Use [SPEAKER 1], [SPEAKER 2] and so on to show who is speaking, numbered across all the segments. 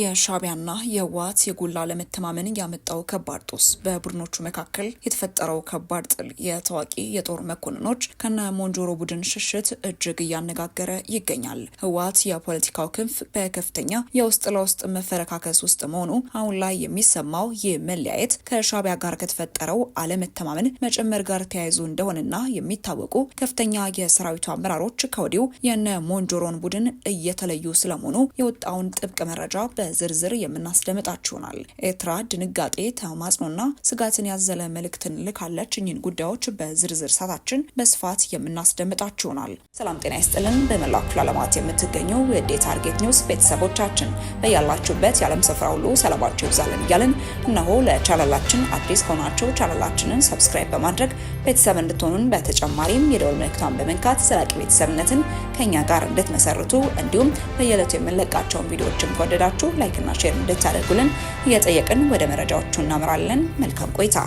[SPEAKER 1] የሻቢያና የህወሓት የጎላ ለመተማመን ያመጣው ከባድ ጦስ፣ በቡድኖቹ መካከል የተፈጠረው ከባድ ጥል የታዋቂ የጦር መኮንኖች ከነ ሞንጆሮ ቡድን ሽሽት እጅግ እያነጋገረ ይገኛል። ህወሓት የፖለቲካው ክንፍ በከፍተኛ የውስጥ ለውስጥ መፈረካከስ ውስጥ መሆኑ አሁን ላይ የሚሰማው ይህ መለያየት ከሻቢያ ጋር ከተፈጠረው አለመተማመን መጨመር ጋር ተያይዞ እንደሆነና የሚታወቁ ከፍተኛ የሰራዊቱ አመራሮች ከወዲሁ የነ ሞንጆሮን ቡድን እየተለዩ ስለመሆኑ የወጣውን ጥብቅ መረጃ በዝርዝር የምናስደምጣችሁናል። ኤርትራ ድንጋጤ፣ ተማጽኖና ስጋትን ያዘለ መልእክትን ልካለች። እኚህን ጉዳዮች በዝርዝር ሰዓታችን በስፋት የምናስደምጣችሁናል።
[SPEAKER 2] ሰላም ጤና ይስጥልን። በመላው ክፍለ ዓለማት የምትገኙ የዴ ታርጌት ኒውስ ቤተሰቦቻችን በያላችሁበት የዓለም ስፍራ ሁሉ ሰላማችሁ ይብዛልን እያልን እነሆ ለቻናላችን አዲስ ከሆናችሁ ቻናላችንን ሰብስክራይብ በማድረግ ቤተሰብ እንድትሆኑን በተጨማሪም የደወል ምልክቷን በመንካት ዘላቂ ቤተሰብነትን ከእኛ ጋር እንድትመሰርቱ እንዲሁም በየዕለቱ የምንለቃቸውን ቪዲዮዎችን ከወደዳችሁ ላይክና ሼር እንድታደርጉልን እየጠየቅን ወደ መረጃዎቹ እናምራለን። መልካም ቆይታ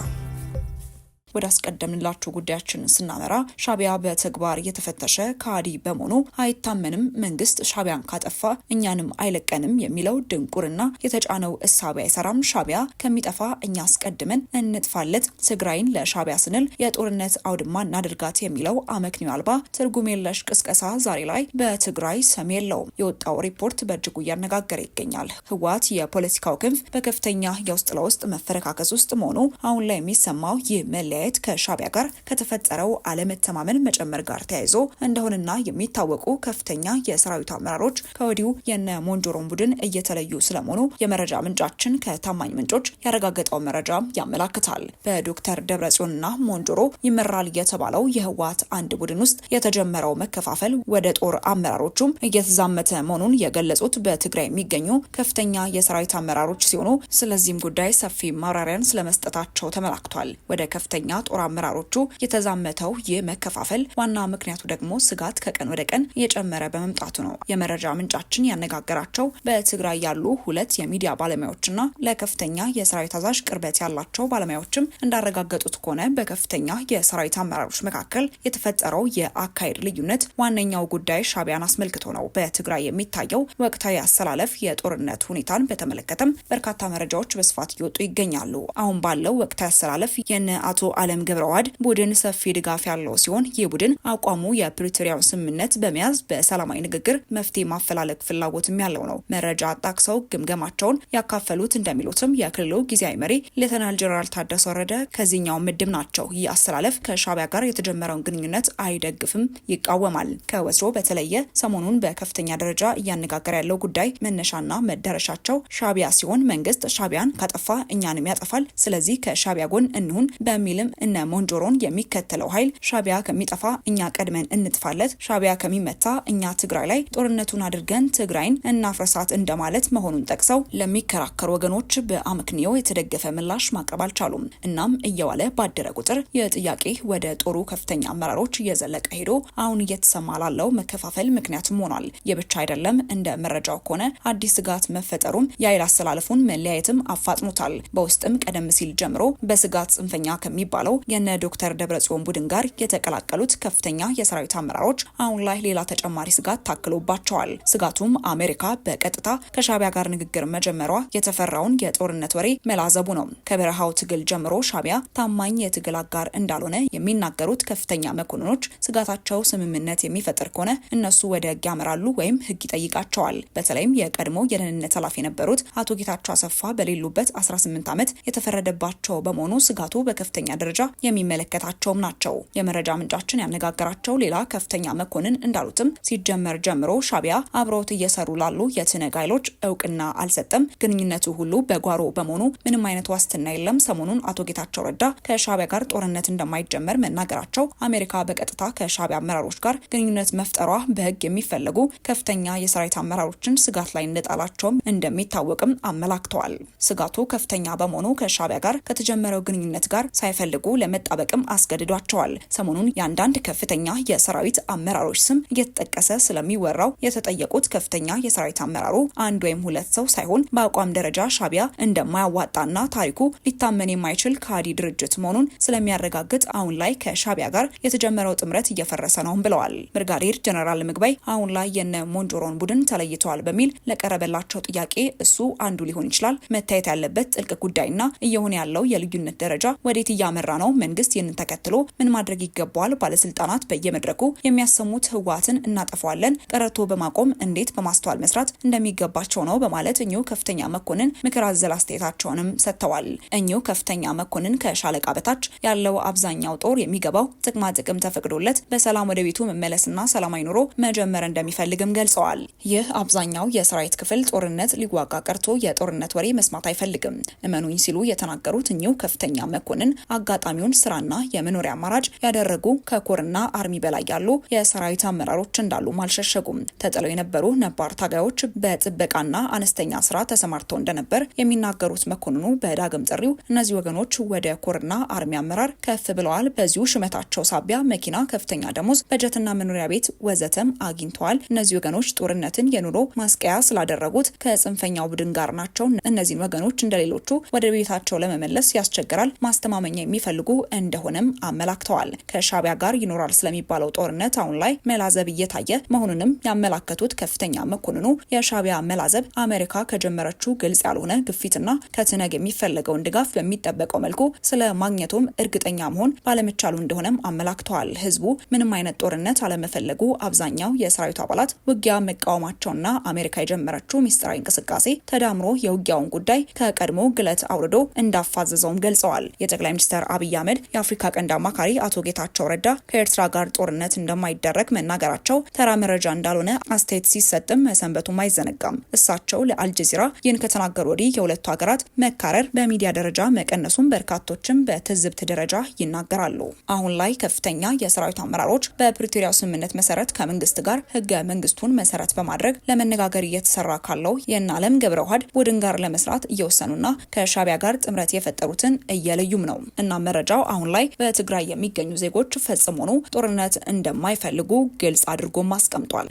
[SPEAKER 1] ወደ አስቀደምንላቸው ጉዳያችን ስናመራ ሻቢያ በተግባር የተፈተሸ ከሃዲ በመሆኑ አይታመንም፣ መንግስት ሻቢያን ካጠፋ እኛንም አይለቀንም የሚለው ድንቁርና የተጫነው እሳቤ አይሰራም። ሻቢያ ከሚጠፋ እኛ አስቀድመን እንጥፋለት፣ ትግራይን ለሻቢያ ስንል የጦርነት አውድማ እናደርጋት የሚለው አመክንዮ አልባ ትርጉም የለሽ ቅስቀሳ ዛሬ ላይ በትግራይ ሰሚ የለውም። የወጣው ሪፖርት በእጅጉ እያነጋገረ ይገኛል። ህወሓት የፖለቲካው ክንፍ በከፍተኛ የውስጥ ለውስጥ መፈረካከስ ውስጥ መሆኑ አሁን ላይ የሚሰማው ይህ መለያ አስተያየት ከሻቢያ ጋር ከተፈጠረው አለመተማመን መጨመር ጋር ተያይዞ እንደሆነና የሚታወቁ ከፍተኛ የሰራዊት አመራሮች ከወዲሁ የነ ሞንጆሮን ቡድን እየተለዩ ስለመሆኑ የመረጃ ምንጫችን ከታማኝ ምንጮች ያረጋገጠው መረጃ ያመላክታል። በዶክተር ደብረጽዮንና ሞንጆሮ ይመራል የተባለው የህወሓት አንድ ቡድን ውስጥ የተጀመረው መከፋፈል ወደ ጦር አመራሮቹም እየተዛመተ መሆኑን የገለጹት በትግራይ የሚገኙ ከፍተኛ የሰራዊት አመራሮች ሲሆኑ ስለዚህም ጉዳይ ሰፊ ማብራሪያን ስለመስጠታቸው ተመላክቷል። ወደ ከፍተኛ ከፍተኛ ጦር አመራሮቹ የተዛመተው ይህ መከፋፈል ዋና ምክንያቱ ደግሞ ስጋት ከቀን ወደ ቀን እየጨመረ በመምጣቱ ነው። የመረጃ ምንጫችን ያነጋገራቸው በትግራይ ያሉ ሁለት የሚዲያ ባለሙያዎችና ለከፍተኛ የሰራዊት አዛዥ ቅርበት ያላቸው ባለሙያዎችም እንዳረጋገጡት ከሆነ በከፍተኛ የሰራዊት አመራሮች መካከል የተፈጠረው የአካሄድ ልዩነት ዋነኛው ጉዳይ ሻቢያን አስመልክቶ ነው። በትግራይ የሚታየው ወቅታዊ አሰላለፍ የጦርነት ሁኔታን በተመለከተም በርካታ መረጃዎች በስፋት እየወጡ ይገኛሉ። አሁን ባለው ወቅታዊ አሰላለፍ የነ አቶ አለም ገብረዋድ ቡድን ሰፊ ድጋፍ ያለው ሲሆን ይህ ቡድን አቋሙ የፕሪቶሪያው ስምምነት በመያዝ በሰላማዊ ንግግር መፍትሄ ማፈላለግ ፍላጎትም ያለው ነው። መረጃ አጣቅሰው ግምገማቸውን ያካፈሉት እንደሚሉትም የክልሉ ጊዜያዊ መሪ ሌተናል ጀነራል ታደሰ ወረደ ከዚህኛው ምድብ ናቸው። ይህ አስተላለፍ ከሻቢያ ጋር የተጀመረውን ግንኙነት አይደግፍም፣ ይቃወማል። ከወትሮ በተለየ ሰሞኑን በከፍተኛ ደረጃ እያነጋገረ ያለው ጉዳይ መነሻና መዳረሻቸው ሻቢያ ሲሆን መንግስት ሻቢያን ካጠፋ እኛንም ያጠፋል፣ ስለዚህ ከሻቢያ ጎን እንሁን በሚልም በመሆንም እነ ሞንጆሮን የሚከተለው ኃይል ሻቢያ ከሚጠፋ እኛ ቀድመን እንጥፋለት፣ ሻቢያ ከሚመታ እኛ ትግራይ ላይ ጦርነቱን አድርገን ትግራይን እናፍረሳት እንደማለት መሆኑን ጠቅሰው ለሚከራከር ወገኖች በአመክንዮ የተደገፈ ምላሽ ማቅረብ አልቻሉም። እናም እየዋለ ባደረ ቁጥር የጥያቄ ወደ ጦሩ ከፍተኛ አመራሮች እየዘለቀ ሄዶ አሁን እየተሰማ ላለው መከፋፈል ምክንያትም ሆኗል። የብቻ አይደለም። እንደ መረጃው ከሆነ አዲስ ስጋት መፈጠሩም የኃይል አሰላለፉን መለያየትም አፋጥኖታል። በውስጥም ቀደም ሲል ጀምሮ በስጋት ጽንፈኛ ከሚባል ከሚባለው የነ ዶክተር ደብረጽዮን ቡድን ጋር የተቀላቀሉት ከፍተኛ የሰራዊት አመራሮች አሁን ላይ ሌላ ተጨማሪ ስጋት ታክሎባቸዋል። ስጋቱም አሜሪካ በቀጥታ ከሻቢያ ጋር ንግግር መጀመሯ የተፈራውን የጦርነት ወሬ መላዘቡ ነው። ከበረሃው ትግል ጀምሮ ሻቢያ ታማኝ የትግል አጋር እንዳልሆነ የሚናገሩት ከፍተኛ መኮንኖች ስጋታቸው ስምምነት የሚፈጥር ከሆነ እነሱ ወደ ህግ ያመራሉ ወይም ህግ ይጠይቃቸዋል። በተለይም የቀድሞ የደህንነት ኃላፊ የነበሩት አቶ ጌታቸው አሰፋ በሌሉበት 18 ዓመት የተፈረደባቸው በመሆኑ ስጋቱ በከፍተኛ ደረጃ የሚመለከታቸውም ናቸው። የመረጃ ምንጫችን ያነጋገራቸው ሌላ ከፍተኛ መኮንን እንዳሉትም ሲጀመር ጀምሮ ሻቢያ አብረውት እየሰሩ ላሉ የትነግ ኃይሎች እውቅና አልሰጠም። ግንኙነቱ ሁሉ በጓሮ በመሆኑ ምንም አይነት ዋስትና የለም። ሰሞኑን አቶ ጌታቸው ረዳ ከሻቢያ ጋር ጦርነት እንደማይጀመር መናገራቸው አሜሪካ በቀጥታ ከሻቢያ አመራሮች ጋር ግንኙነት መፍጠሯ በህግ የሚፈለጉ ከፍተኛ የሰራዊት አመራሮችን ስጋት ላይ እንደጣላቸውም እንደሚታወቅም አመላክተዋል። ስጋቱ ከፍተኛ በመሆኑ ከሻቢያ ጋር ከተጀመረው ግንኙነት ጋር ሳይፈልግ እንዲፈልጉ ለመጣበቅም አስገድዷቸዋል። ሰሞኑን የአንዳንድ ከፍተኛ የሰራዊት አመራሮች ስም እየተጠቀሰ ስለሚወራው የተጠየቁት ከፍተኛ የሰራዊት አመራሩ አንድ ወይም ሁለት ሰው ሳይሆን በአቋም ደረጃ ሻቢያ እንደማያዋጣና ታሪኩ ሊታመን የማይችል ከሃዲ ድርጅት መሆኑን ስለሚያረጋግጥ አሁን ላይ ከሻቢያ ጋር የተጀመረው ጥምረት እየፈረሰ ነው ብለዋል። ብርጋዴር ጀነራል ምግባይ አሁን ላይ የነ ሞንጆሮን ቡድን ተለይተዋል በሚል ለቀረበላቸው ጥያቄ እሱ አንዱ ሊሆን ይችላል መታየት ያለበት ጥልቅ ጉዳይና እየሆነ ያለው የልዩነት ደረጃ ወዴት እያመራ እየተመራ ነው። መንግስት ይህንን ተከትሎ ምን ማድረግ ይገባዋል? ባለስልጣናት በየመድረኩ የሚያሰሙት ህወሓትን እናጠፋዋለን ቀረቶ በማቆም እንዴት በማስተዋል መስራት እንደሚገባቸው ነው በማለት እኚሁ ከፍተኛ መኮንን ምክር አዘል አስተያየታቸውንም ሰጥተዋል። እኚሁ ከፍተኛ መኮንን ከሻለቃ በታች ያለው አብዛኛው ጦር የሚገባው ጥቅማ ጥቅም ተፈቅዶለት በሰላም ወደ ቤቱ መመለስና ሰላማዊ ኑሮ መጀመር እንደሚፈልግም ገልጸዋል። ይህ አብዛኛው የሰራዊት ክፍል ጦርነት ሊዋጋ ቀርቶ የጦርነት ወሬ መስማት አይፈልግም እመኑኝ ሲሉ የተናገሩት እኚሁ ከፍተኛ መኮንን አጋ አጋጣሚውን ስራና የመኖሪያ አማራጭ ያደረጉ ከኮርና አርሚ በላይ ያሉ የሰራዊት አመራሮች እንዳሉ አልሸሸጉም። ተጥለው የነበሩ ነባር ታጋዮች በጥበቃና አነስተኛ ስራ ተሰማርተው እንደነበር የሚናገሩት መኮንኑ በዳግም ጥሪው እነዚህ ወገኖች ወደ ኮርና አርሚ አመራር ከፍ ብለዋል። በዚሁ ሽመታቸው ሳቢያ መኪና፣ ከፍተኛ ደሞዝ፣ በጀትና መኖሪያ ቤት ወዘተም አግኝተዋል። እነዚህ ወገኖች ጦርነትን የኑሮ ማስቀያ ስላደረጉት ከጽንፈኛው ቡድን ጋር ናቸው። እነዚህን ወገኖች እንደሌሎቹ ወደ ቤታቸው ለመመለስ ያስቸግራል። ማስተማመኛ የሚ የሚፈልጉ እንደሆነም አመላክተዋል። ከሻቢያ ጋር ይኖራል ስለሚባለው ጦርነት አሁን ላይ መላዘብ እየታየ መሆኑንም ያመላከቱት ከፍተኛ መኮንኑ የሻቢያ መላዘብ አሜሪካ ከጀመረችው ግልጽ ያልሆነ ግፊትና ከትነግ የሚፈለገውን ድጋፍ በሚጠበቀው መልኩ ስለ ማግኘቱም እርግጠኛ መሆን ባለመቻሉ እንደሆነም አመላክተዋል። ህዝቡ ምንም አይነት ጦርነት አለመፈለጉ፣ አብዛኛው የሰራዊቱ አባላት ውጊያ መቃወማቸውና አሜሪካ የጀመረችው ሚስጥራዊ እንቅስቃሴ ተዳምሮ የውጊያውን ጉዳይ ከቀድሞ ግለት አውርዶ እንዳፋዘዘውም ገልጸዋል። የጠቅላይ ሚኒስትር አብይ አህመድ የአፍሪካ ቀንድ አማካሪ አቶ ጌታቸው ረዳ ከኤርትራ ጋር ጦርነት እንደማይደረግ መናገራቸው ተራ መረጃ እንዳልሆነ አስተያየት ሲሰጥም መሰንበቱም አይዘነጋም። እሳቸው ለአልጀዚራ ይህን ከተናገሩ ወዲህ የሁለቱ ሀገራት መካረር በሚዲያ ደረጃ መቀነሱን በርካቶችም በትዝብት ደረጃ ይናገራሉ። አሁን ላይ ከፍተኛ የሰራዊት አመራሮች በፕሪቶሪያው ስምምነት መሰረት ከመንግስት ጋር ህገ መንግስቱን መሰረት በማድረግ ለመነጋገር እየተሰራ ካለው የን አለም ገብረ ውሃድ ቡድን ጋር ለመስራት እየወሰኑና ከሻቢያ ጋር ጥምረት የፈጠሩትን እየለዩም ነው እና መረጃው አሁን ላይ በትግራይ የሚገኙ ዜጎች ፈጽሞኑ ጦርነት እንደማይፈልጉ ግልጽ አድርጎም አስቀምጧል።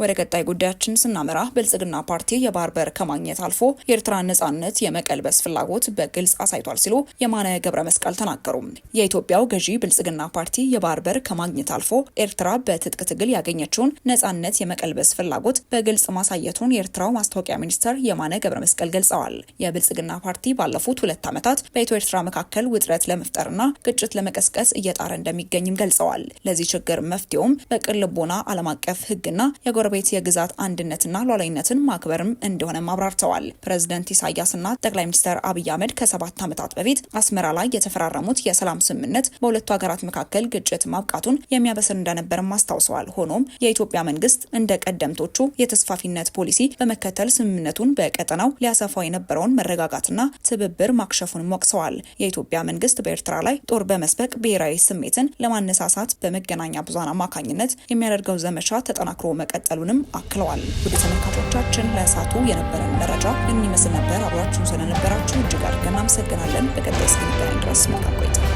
[SPEAKER 1] ወደ ቀጣይ ጉዳያችን ስናመራ ብልጽግና ፓርቲ የባህር በር ከማግኘት አልፎ የኤርትራን ነጻነት የመቀልበስ ፍላጎት በግልጽ አሳይቷል ሲሉ የማነ ገብረ መስቀል ተናገሩ። የኢትዮጵያው ገዢ ብልጽግና ፓርቲ የባህር በር ከማግኘት አልፎ ኤርትራ በትጥቅ ትግል ያገኘችውን ነጻነት የመቀልበስ ፍላጎት በግልጽ ማሳየቱን የኤርትራው ማስታወቂያ ሚኒስትር የማነ ገብረ መስቀል ገልጸዋል። የብልጽግና ፓርቲ ባለፉት ሁለት ዓመታት በኢትዮ ኤርትራ መካከል ውጥረት ለመፍጠርና ግጭት ለመቀስቀስ እየጣረ እንደሚገኝም ገልጸዋል። ለዚህ ችግር መፍትሄውም በቅን ልቦና ዓለም አቀፍ ህግና የጎረ ቤት የግዛት አንድነትና ሉዓላዊነትን ማክበርም እንደሆነም አብራርተዋል። ፕሬዝደንት ኢሳያስና ጠቅላይ ሚኒስትር አብይ አህመድ ከሰባት ዓመታት በፊት አስመራ ላይ የተፈራረሙት የሰላም ስምምነት በሁለቱ ሀገራት መካከል ግጭት ማብቃቱን የሚያበስር እንደነበርም አስታውሰዋል። ሆኖም የኢትዮጵያ መንግስት እንደ ቀደምቶቹ የተስፋፊነት ፖሊሲ በመከተል ስምምነቱን በቀጠናው ሊያሰፋው የነበረውን መረጋጋትና ትብብር ማክሸፉንም ወቅሰዋል። የኢትዮጵያ መንግስት በኤርትራ ላይ ጦር በመስበቅ ብሔራዊ ስሜትን ለማነሳሳት በመገናኛ ብዙሃን አማካኝነት የሚያደርገው ዘመቻ ተጠናክሮ መቀጠል መቀጠሉንም አክለዋል። ወደ ተመልካቾቻችን ለእሳቱ የነበረን መረጃ የሚመስል ነበር። አብራችሁ ስለነበራችሁ እጅግ አድርገን አመሰግናለን። በቀጣይ እስክንገናኝ ድረስ መልካም ቆይታ